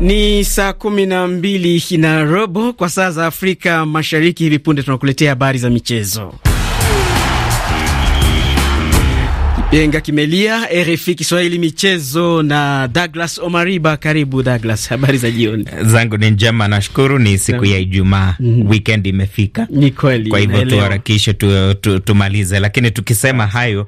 Ni saa kumi na mbili na robo kwa saa za Afrika Mashariki. Hivi punde tunakuletea habari za michezo. Kipenga kimelia, RFI Kiswahili michezo na Douglas Omariba. Karibu Douglas, habari za jioni. Zangu ni njema, nashukuru. Ni siku ya Ijumaa, mm -hmm. Weekend imefika, ni kweli. Kwa hivyo tuharakishe tu, tu, tumalize, lakini tukisema hayo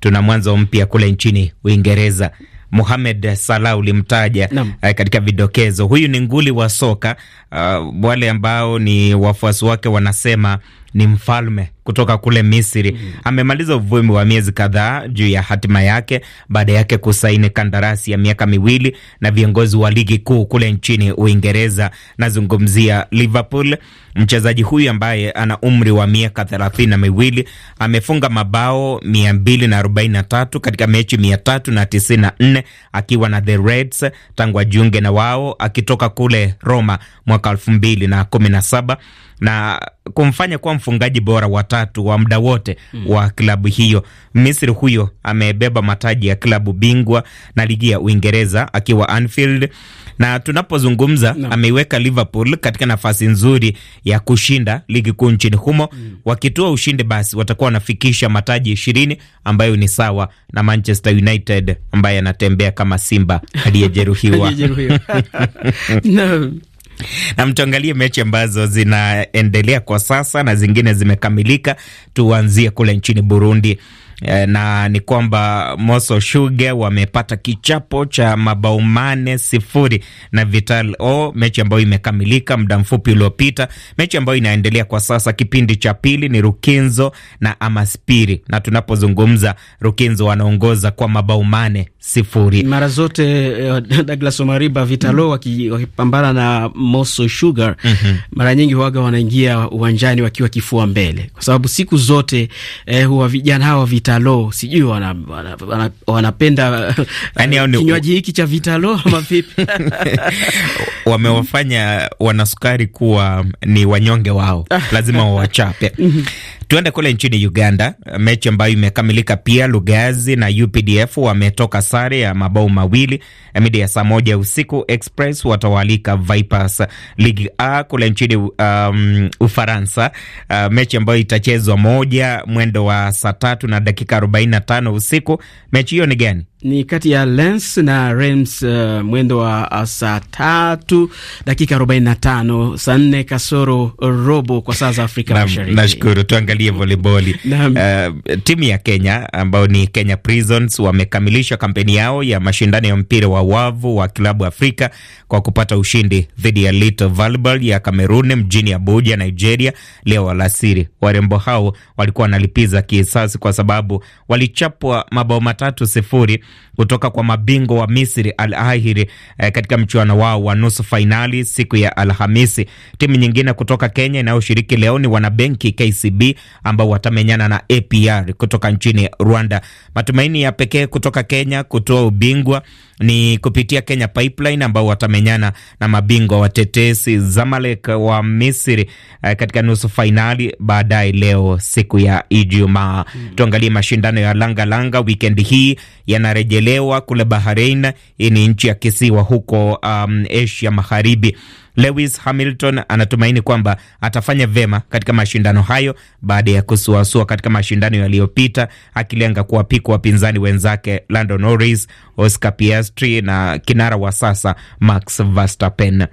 tuna mwanzo mpya kule nchini Uingereza. Mohamed Salah ulimtaja uh, katika vidokezo. Huyu ni nguli wa soka uh, wale ambao ni wafuasi wake wanasema ni mfalme kutoka kule Misri. mm Amemaliza uvumi wa miezi kadhaa juu ya hatima yake baada yake kusaini kandarasi ya miaka miwili na viongozi wa ligi kuu kule nchini Uingereza. Nazungumzia Liverpool. Mchezaji huyu ambaye ana umri wa miaka thelathini na miwili amefunga mabao mia mbili na arobaini na tatu katika mechi mia tatu na tisini na nne akiwa na the Reds tangu ajiunge na wao akitoka kule Roma mwaka elfu mbili na kumi na saba na kumfanya kuwa mfungaji bora watatu wa muda wote mm. wa klabu hiyo. Misri huyo amebeba mataji ya klabu bingwa na ligi ya Uingereza akiwa Anfield, na tunapozungumza no. ameiweka Liverpool katika nafasi nzuri ya kushinda ligi kuu nchini humo mm. wakitoa ushindi, basi watakuwa wanafikisha mataji ishirini ambayo ni sawa na Manchester United ambaye anatembea kama simba aliyejeruhiwa no. Nam, tuangalie mechi ambazo zinaendelea kwa sasa na zingine zimekamilika. Tuanzie kule nchini Burundi eh, na ni kwamba Moso Shuge wamepata kichapo cha mabao mane sifuri na Vital O, mechi ambayo imekamilika muda mfupi uliopita. Mechi ambayo inaendelea kwa sasa, kipindi cha pili ni Rukinzo na Amaspiri, na tunapozungumza Rukinzo wanaongoza kwa mabao mane sifuri. Mara zote uh, Douglas Omariba Vitalo mm. wakipambana na Moso Sugar mm -hmm. mara nyingi huwaga wanaingia uwanjani wakiwa kifua mbele, kwa sababu siku zote eh, huwa vijana hawa Vitalo sijui wana, wana, wana, wanapenda yaani kinywaji hiki cha Vitalo ama vipi? wamewafanya wanasukari kuwa ni wanyonge wao, lazima wawachape mm-hmm. Tuende kule nchini Uganda, mechi ambayo imekamilika pia. Lugazi na UPDF wametoka sare ya mabao mawili. midi ya saa moja usiku Express watawalika Vipers. Ligi A kule nchini um, Ufaransa, uh, mechi ambayo itachezwa moja mwendo wa saa tatu na dakika arobaini na tano usiku. Mechi hiyo ni gani? ni kati ya Lens na Rams uh, mwendo wa uh, saa tatu dakika 45 saa nne kasoro uh, robo kwa saa za Afrika Mashariki. Nashukuru, tuangalie na, Uh, timu ya Kenya ambao ni Kenya Prisons wamekamilisha kampeni yao ya mashindano ya mpira wa wavu wa klabu Afrika kwa kupata ushindi dhidi ya Little Volleyball ya Kamerun mjini Abuja, Nigeria leo alasiri. Warembo hao walikuwa wanalipiza kisasi kwa sababu walichapwa mabao matatu sifuri kutoka kwa mabingwa wa Misri Al Ahiri eh, katika mchuano wao wa nusu fainali siku ya Alhamisi. Timu nyingine kutoka Kenya inayoshiriki leo ni wanabenki KCB ambao watamenyana na APR kutoka nchini Rwanda. Matumaini ya pekee kutoka Kenya kutoa ubingwa ni kupitia Kenya Pipeline ambao watamenyana na mabingwa watetesi Zamalek wa Misri eh, katika nusu fainali baadaye leo siku ya Ijumaa. Mm. Tuangalie mashindano ya langalanga wikendi hii yanarejelewa kule Bahrain. Hii ni nchi ya kisiwa huko um, Asia Magharibi. Lewis Hamilton anatumaini kwamba atafanya vema katika mashindano hayo baada ya kusuasua katika mashindano yaliyopita, akilenga kuwapiku wapinzani wenzake Lando Norris, Oscar Piastri na kinara wa sasa Max Verstappen.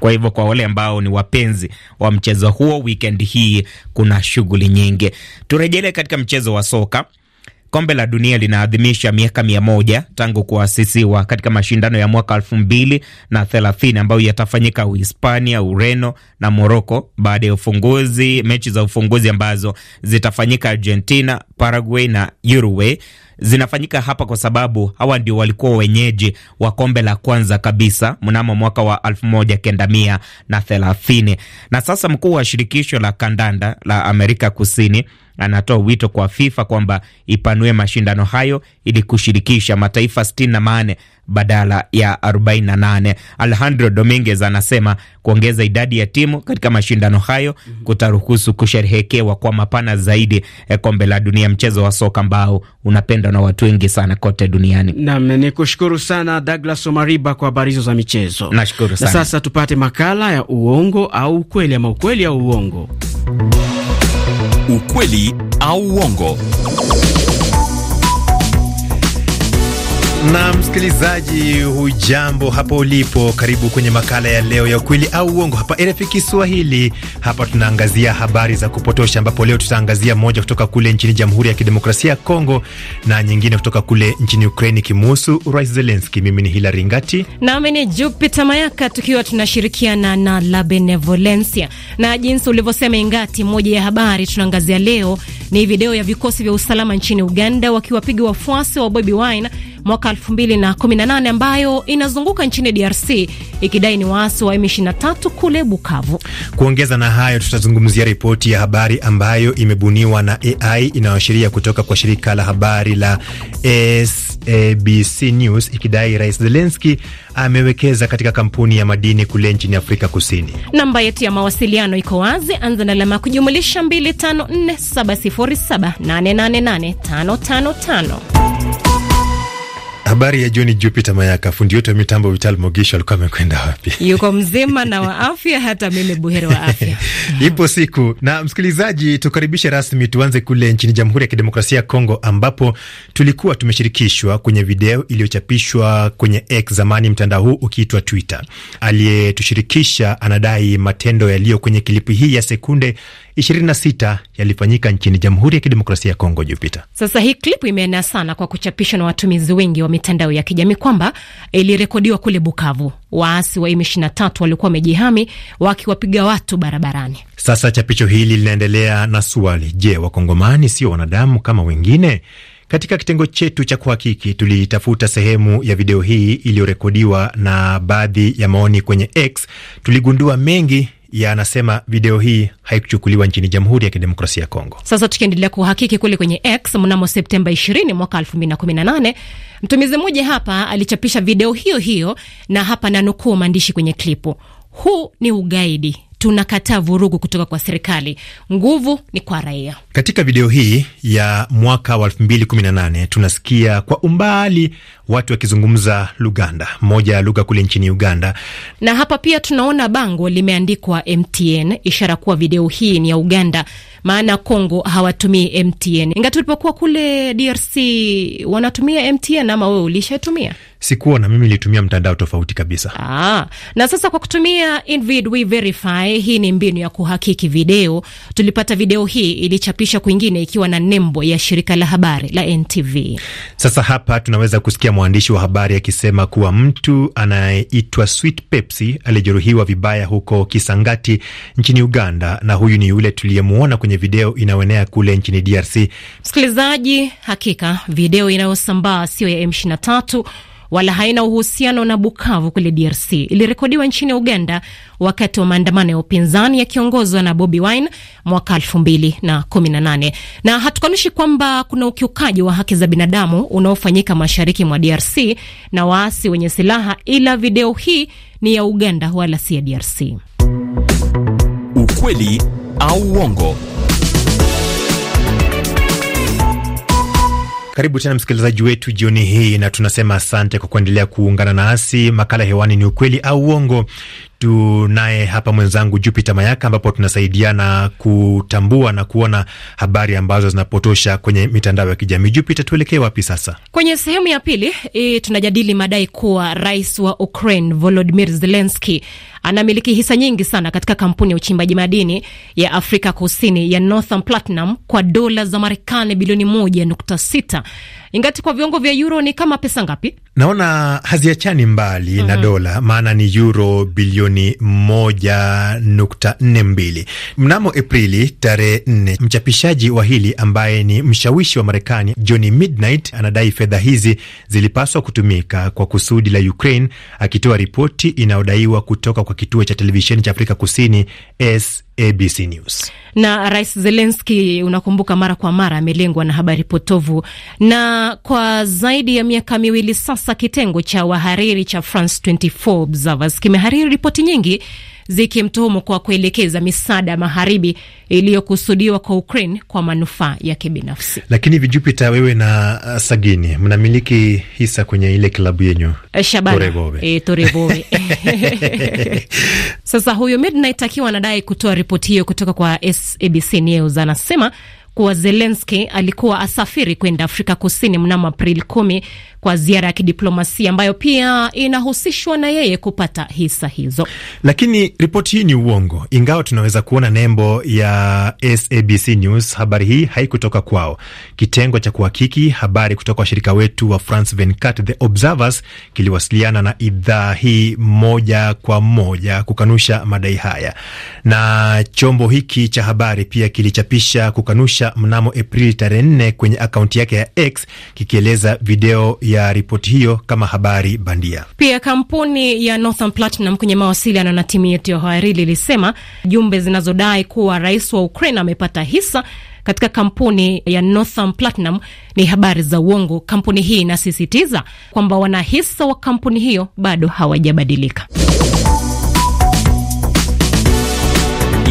Kwa hivyo kwa wale ambao ni wapenzi wa mchezo huo, wikendi hii kuna shughuli nyingi. turejelee katika mchezo wa soka. Kombe la dunia linaadhimisha miaka mia moja tangu kuasisiwa katika mashindano ya mwaka elfu mbili na thelathini ambayo yatafanyika Uhispania, Ureno na Moroko, baada ya ufunguzi mechi za ufunguzi ambazo zitafanyika Argentina, Paraguay na Uruguay zinafanyika hapa kwa sababu hawa ndio walikuwa wenyeji wa kombe la kwanza kabisa mnamo mwaka wa elfu moja kenda mia na thelathini. Na sasa mkuu wa shirikisho la kandanda la Amerika Kusini anatoa wito kwa FIFA kwamba ipanue mashindano hayo ili kushirikisha mataifa 68 badala ya 48. Alejandro Dominguez anasema kuongeza idadi ya timu katika mashindano hayo mhm. kutaruhusu kusherehekewa kwa mapana zaidi e, kombe la dunia, mchezo wa soka ambao unapendwa na watu wengi sana kote duniani. Nam ni kushukuru sana Douglas Omariba kwa habari hizo za michezo. Nashukuru sana. Na sasa tupate makala ya uongo au ukweli, ama ukweli au uongo ukweli au uongo. Na msikilizaji, hujambo hapo ulipo? Karibu kwenye makala ya leo ya ukweli au uongo hapa RFI Kiswahili. Hapa tunaangazia habari za kupotosha, ambapo leo tutaangazia moja kutoka kule nchini Jamhuri ya Kidemokrasia ya Kongo na nyingine kutoka kule nchini Ukraini kimuhusu Rais Zelenski. Mimi ni Hilari Ngati nami ni Jupita Mayaka, tukiwa tunashirikiana na La Benevolencia na jinsi ulivyosema Ingati, moja ya habari tunaangazia leo ni video ya vikosi vya usalama nchini Uganda wakiwapiga wafuasi wa Bobi Wine mwaka 2018 ambayo inazunguka nchini DRC ikidai ni waasi wa M23 kule Bukavu. Kuongeza na hayo, tutazungumzia ripoti ya habari ambayo imebuniwa na AI inayoashiria kutoka kwa shirika la habari la SABC News ikidai Rais Zelensky amewekeza katika kampuni ya madini kule nchini Afrika Kusini. Namba yetu ya mawasiliano iko wazi, anza na alama kujumulisha 254707888555. Habari ya jioni, Jupiter Mayaka. Fundi wetu wa mitambo Vital Mogisho alikuwa amekwenda wapi? Yuko mzima na wa afya, hata mimi buheri wa afya ipo siku. Na msikilizaji, tukaribishe rasmi, tuanze kule nchini Jamhuri ya Kidemokrasia ya Kongo, ambapo tulikuwa tumeshirikishwa kwenye video iliyochapishwa kwenye X, zamani mtandao huu ukiitwa Twitter. Aliyetushirikisha anadai matendo yaliyo kwenye klipu hii ya sekunde 26 yalifanyika nchini Jamhuri ya Kidemokrasia ya Kongo. Jupiter, sasa hii klipu imeenea sana kwa kuchapishwa na watumizi wengi wa mitandao ya kijamii kwamba ilirekodiwa kule Bukavu, waasi wa M23 walikuwa wamejihami wakiwapiga watu barabarani. Sasa chapisho hili linaendelea na swali, je, wakongomani sio wanadamu kama wengine? Katika kitengo chetu cha kuhakiki tulitafuta sehemu ya video hii iliyorekodiwa na baadhi ya maoni kwenye X, tuligundua mengi ya anasema video hii haikuchukuliwa nchini Jamhuri ya Kidemokrasia ya Kongo. Sasa tukiendelea kuhakiki kule kwenye X, mnamo Septemba 20 mwaka 2018 mtumizi mmoja hapa alichapisha video hiyo hiyo, na hapa nanukuu maandishi kwenye klipu: huu ni ugaidi Tunakataa vurugu kutoka kwa serikali, nguvu ni kwa raia. Katika video hii ya mwaka wa 2018 tunasikia kwa umbali watu wakizungumza Luganda, moja ya lugha kule nchini Uganda. Na hapa pia tunaona bango limeandikwa MTN, ishara kuwa video hii ni ya Uganda, maana Kongo hawatumii MTN. Inga tulipokuwa kule DRC wanatumia MTN, ama wewe ulishatumia? Sikuona mimi nilitumia mtandao tofauti kabisa. Aa, ah, na sasa kwa kutumia Invid We Verify, hii ni mbinu ya kuhakiki video. Tulipata video hii ilichapisha kwingine ikiwa na nembo ya shirika la habari la NTV. Sasa hapa tunaweza kusikia mwandishi wa habari akisema kuwa mtu anayeitwa Sweet Pepsi alijeruhiwa vibaya huko Kisangati nchini Uganda, na huyu ni yule tuliyemwona kwenye video inayoenea kule nchini DRC. Msikilizaji, hakika video inayosambaa siyo ya M23 wala haina uhusiano na Bukavu kule DRC. Ilirekodiwa nchini Uganda wakati wa maandamano ya upinzani yakiongozwa na Bobi Wine mwaka 2018. Na hatukanushi kwamba kuna ukiukaji wa haki za binadamu unaofanyika mashariki mwa DRC na waasi wenye silaha, ila video hii ni ya Uganda wala si ya DRC. Ukweli au uongo Karibu tena msikilizaji wetu jioni hii, na tunasema asante kwa kuendelea kuungana nasi. Makala hewani ni ukweli au uongo. Tunaye hapa mwenzangu jupite Mayaka, ambapo tunasaidiana kutambua na kuona habari ambazo zinapotosha kwenye mitandao ya kijamii. Jupiter, tuelekee wapi sasa? Kwenye sehemu ya pili e, tunajadili madai kuwa rais wa Ukraine Volodymyr Zelensky anamiliki hisa nyingi sana katika kampuni ya uchimbaji madini ya Afrika Kusini ya Northern Platinum kwa dola za Marekani bilioni moja nukta sita ingati kwa viwango vya euro ni kama pesa ngapi? Naona haziachani mbali mm -hmm. na mhm. dola, maana ni euro bilioni moja nukta nne mbili. Mnamo Aprili tarehe nne, mchapishaji wa hili ambaye ni mshawishi wa Marekani Johnny Midnight anadai fedha hizi zilipaswa kutumika kwa kusudi la Ukraine, akitoa ripoti inayodaiwa kutoka kwa kituo cha televisheni cha Afrika Kusini SABC News. Na Rais zelenski unakumbuka, mara kwa mara amelengwa na habari potovu, na kwa zaidi ya miaka miwili sasa, kitengo cha wahariri cha France 24 Observers kimehariri ripoti nyingi zikimtuhumu kwa kuelekeza misaada ya magharibi iliyokusudiwa kwa Ukraine kwa manufaa yake binafsi. Lakini vijupita wewe na uh, Sagini mnamiliki hisa kwenye ile klabu yenyu eh, Torevove? Eh, Sasa huyo Midnight akiwa anadai kutoa ripoti hiyo kutoka kwa SABC News anasema kuwa Zelenski alikuwa asafiri kwenda Afrika Kusini mnamo Aprili kumi kwa ziara ya kidiplomasia ambayo pia inahusishwa na yeye kupata hisa hizo. Lakini ripoti hii ni uongo, ingawa tunaweza kuona nembo ya SABC News. Habari hii haikutoka kwao. Kitengo cha kuhakiki habari kutoka washirika wetu wa France 24 The Observers kiliwasiliana na idhaa hii moja kwa moja kukanusha madai haya, na chombo hiki cha habari pia kilichapisha kukanusha mnamo Aprili tarehe 4 kwenye akaunti yake ya X kikieleza video ya ripoti hiyo kama habari bandia. Pia kampuni ya Northern Platinum kwenye mawasiliano na timu yetu ya hariri ilisema jumbe zinazodai kuwa rais wa Ukraine amepata hisa katika kampuni ya Northern Platinum ni habari za uongo. Kampuni hii inasisitiza kwamba wanahisa wa kampuni hiyo bado hawajabadilika.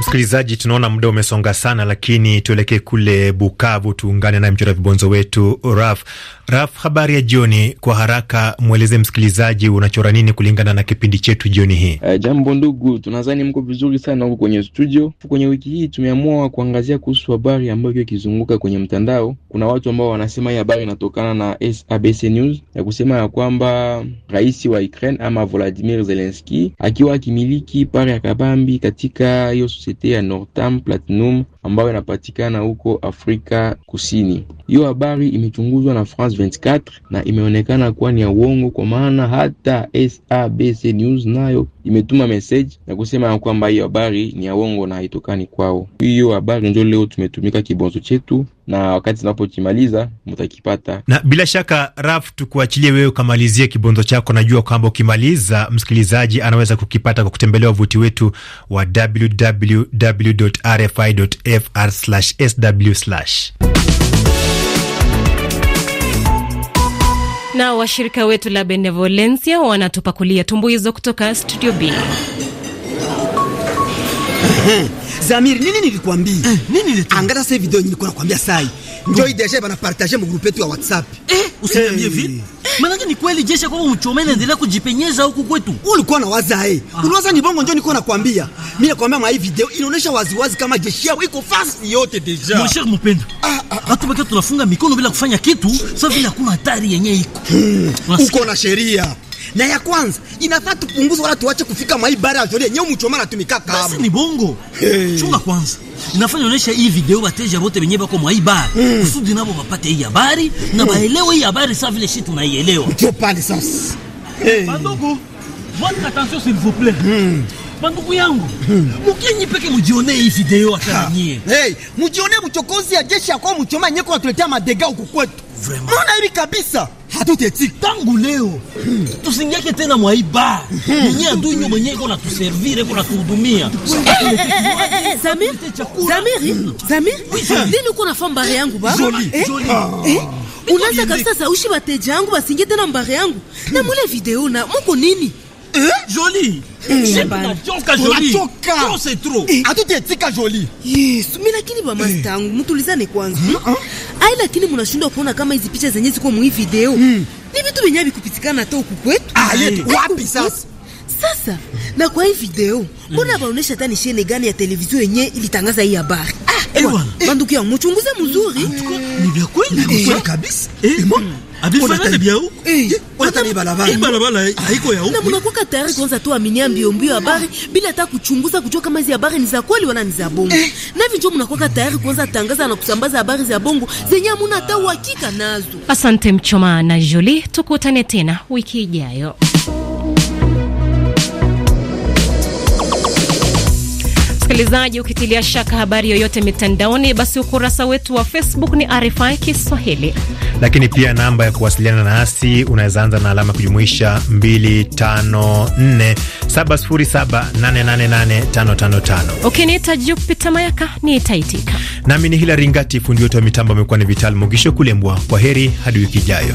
Msikilizaji, tunaona muda umesonga sana, lakini tuelekee kule Bukavu, tuungane naye mchora vibonzo wetu Raf. Raf, habari ya jioni. Kwa haraka, mweleze msikilizaji unachora nini kulingana na kipindi chetu jioni hii. Uh, jambo ndugu, tunadhani mko vizuri sana huko kwenye studio. Kwenye wiki hii tumeamua kuangazia kuhusu habari ambayo ikizunguka kwenye mtandao. Kuna watu ambao wanasema hii habari inatokana na SABC News ya kusema ya kwamba rais wa Ukraine ama Volodimir Zelenski akiwa akimiliki pare ya kabambi katika hiyo sosiete ya Northam Platinum ambayo inapatikana huko Afrika Kusini. Hiyo habari imechunguzwa na France 24 na imeonekana kuwa ni ya uongo, kwa maana hata SABC News nayo imetuma message na kusema ya kwamba hiyo habari ni ya uongo na haitokani kwao. Hiyo habari ndio leo tumetumika kibonzo chetu na wakati unapokimaliza mtakipata. Na bila shaka, Raf, tukuachilie wewe ukamalizie kibonzo chako. Najua kwamba ukimaliza, msikilizaji anaweza kukipata kwa kutembelea wavuti wetu wa www.rfi.fr/sw. Na washirika wetu la Benevolencia wanatupakulia tumbuizo kutoka Studio B. Hmm. Zamiri, nini nilikwambia? Eh, nini nilitu? Angalia sasa video nilikuwa nakwambia sai. Ndio hii deja bana partager mu groupe yetu ya WhatsApp. Eh, usiniambie eh. Vile. Maana ni kweli jesha kwa uchome naendelea kujipenyeza huku kwetu. Ulikuwa na waza eh. Ah. Uliwaza ni bongo ndio nilikuwa nakwambia. Mimi nakwambia mwa hii video inaonyesha wazi wazi kama jeshi yao iko fast yote deja. Mon cher mpendwa. Ah, ah, ah. Tunabakia tunafunga mikono bila kufanya kitu, sasa vile hakuna hatari yenyewe iko. Hmm. Uko na sheria na ya kwanza inafaa tupunguze, wala tuache kufika mwa bara ya nyeo mchoma na tumika kama basi. Ni bongo hey. Chunga kwanza, Nafanya onyesha hii video wateja wote wenyewe bako mwa ibara mm. kusudi nabo wapate hii habari na baelewe hmm. hii habari sasa vile shit tunaielewa, ndio pale sasa. Hey. Bandugu, votre attention s'il vous plaît mm. Bandugu yangu hmm. mukienyi peke mujione hii video atanyie. nyie. Hey, mujione mchokozi ya jeshi yako mchoma nyeko natuletea madega huko kwetu. Vraiment. Mbona hivi kabisa? hatutetii tangu leo hmm. tusingiake tena mwaiba menye hmm. adui nyo mwenye iko natuservire iko natuhudumia. Eh, eh, eh, Zamir, hmm. uko nafa mbare yangu baba? Ah. Unaanza kabisa saushi bateja yangu basingie tena mbare yangu na mule video na muko nini Joli. Unatoka joli. Hatutaetika lakini ba master wangu mtulizane kwanza. Ai, kuona kama hizi picha zenyewe ziko mu video. Hmm. Ni vitu vyenye vikupitikana hata huku kwetu. Ah, sasa? na kwa hii video hmm. mbona baonesha tani shene gani ya televizio yenye ilitangaza hii habari? Eh, banduku yangu mchunguze mzuri. Ah, ni vya kweli eh. kabisa. Eh. Hmm. Ah, Mnakuwa eh, eh, eh, tayari kwanza tu aminia mbio habari bila hata kuchunguza kujua kama hizi habari ni za kweli wala ni za bongo, na njo mnakwaka tayari kwanza tangaza na kusambaza habari za bongo zenye amuna hata uhakika nazo. Asante Mchoma na Jolie, tukutane tena wiki ijayo. Msikilizaji, ukitilia shaka habari yoyote mitandaoni, basi ukurasa wetu wa Facebook ni RFI Kiswahili, lakini pia namba ya kuwasiliana nasi unaweza anza na alama kujumuisha 254 Ukiniita Jupita Mayaka nitaitika, nami ni Hilari Ngati. Fundi wetu wa mitambo amekuwa ni Vital Mugisho Kulembwa. Kwa heri hadi wiki ijayo.